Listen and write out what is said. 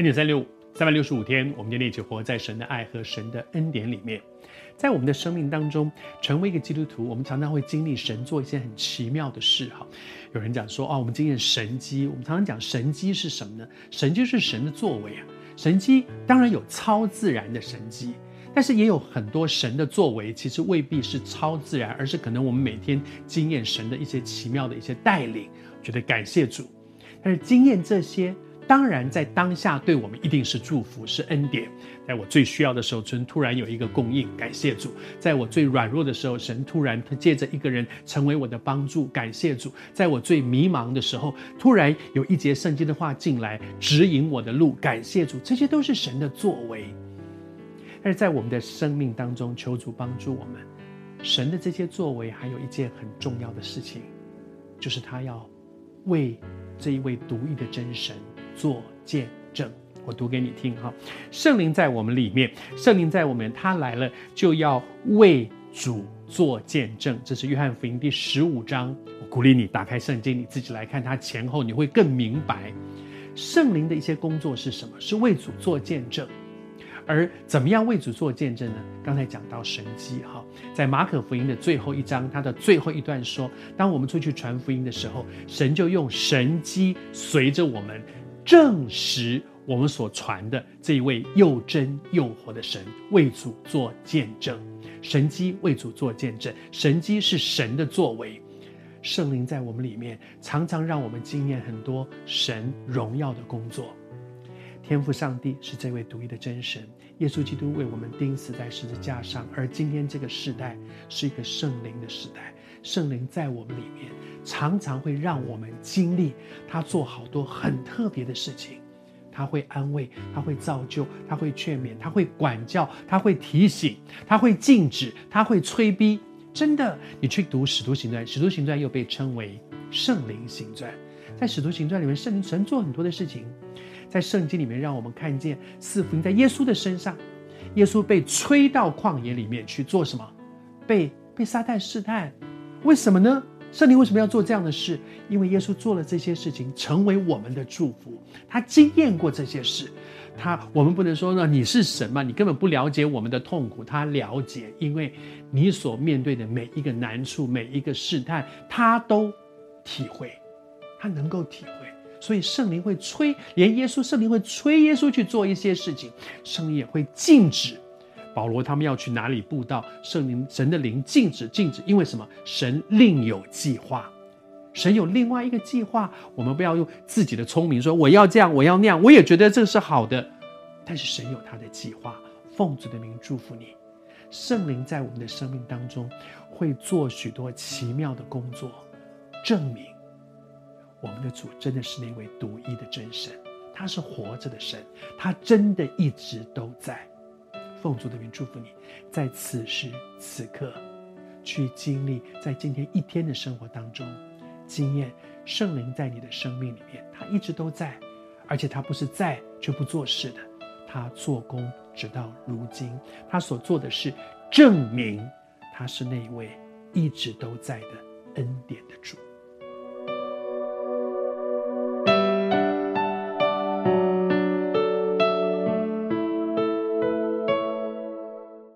N 九三六三百六十五天，我們今天一起活在神的愛和神的恩典裡面。在我們的生命當中，成為一個基督徒，我們常常會經歷神做一些很奇妙的事。哈，有人講說啊、哦，我們經驗神機。我們常常講神機是什麼呢？神就是神的作為啊。神機當然有超自然的神機，但是也有很多神的作為，其實未必是超自然，而是可能我們每天經驗神的一些奇妙的一些帶領，覺得感謝主。但是經驗這些。當然，在當下對我們一定是祝福是恩典，在我最需要的時候，神突然有一個供應，感謝主；在我最軟弱的時候，神突然他借着一個人成為我的幫助，感謝主；在我最迷茫的時候，突然有一節聖經的話進來指引我的路，感謝主。這些都是神的作為，但是在我們的生命當中，求主幫助我們。神的這些作為，還有一件很重要的事情，就是他要為這一位獨一的真神。做見證，我讀給你聽哈。聖靈在我們裡面，聖靈在我們，他來了就要為主做見證。這是約翰福音第十五章。我鼓勵你打開聖經，你自己來看他前後，你會更明白聖靈的一些工作是什麼，是為主做見證。而怎麼樣為主做見證呢？剛才講到神蹟哈，在馬可福音的最後一章，他的最後一段說：當我們出去傳福音的時候，神就用神蹟隨着我們。證實我們所傳的這一位又真又活的神，為主做見證。神蹟為主做見證，神蹟是神的作為。聖靈在我們裡面，常常讓我們經驗很多神榮耀的工作。天父上帝是這位獨一的真神，耶穌基督為我們釘死在十字架上，而今天這個世代是一個聖靈的時代，聖靈在我們裡面，常常會讓我們經歷他做好多很特別的事情，他會安慰，他會造就，他會勸勉，他會管教，他會提醒，他會禁止，他會催逼。真的，你去讀使徒行傳《使徒行傳》，《使徒行傳》又被稱為《聖靈行傳》。在《使徒行傳》裡面，聖靈曾做很多的事情。在聖經裡面，讓我們看見四福音在耶穌的身上，耶穌被催到曠野裡面去做什麼？被被撒旦試探，為什麼呢？聖靈為什麼要做這樣的事？因為耶穌做了這些事情，成為我們的祝福。他經驗過這些事，他我們不能說呢，你是神嘛，你根本不了解我們的痛苦。他了解，因為你所面對的每一個難處，每一個試探，他都體會，他能夠體會。所以聖靈會催，連耶穌，聖靈會催耶穌去做一些事情。聖靈也會禁止。保羅他們要去哪裡布道？聖靈、神的靈禁止、禁止，因為什麼？神另有計劃，神有另外一個計劃。我們不要用自己的聰明說，我要這樣，我要那樣，我也覺得這個是好的。但是神有他的計劃。奉主的名祝福你，聖靈在我們的生命當中會做許多奇妙的工作，證明我們的主真的是那位獨一的真神。他是活着的神，他真的一直都在。奉主的名祝福你，在此時此刻，去經歷在今天一天的生活當中，經驗聖靈在你的生命裡面，他一直都在，而且他不是在卻不做事的，他做工直到如今，他所做的事證明他是那一位一直都在的恩典的主。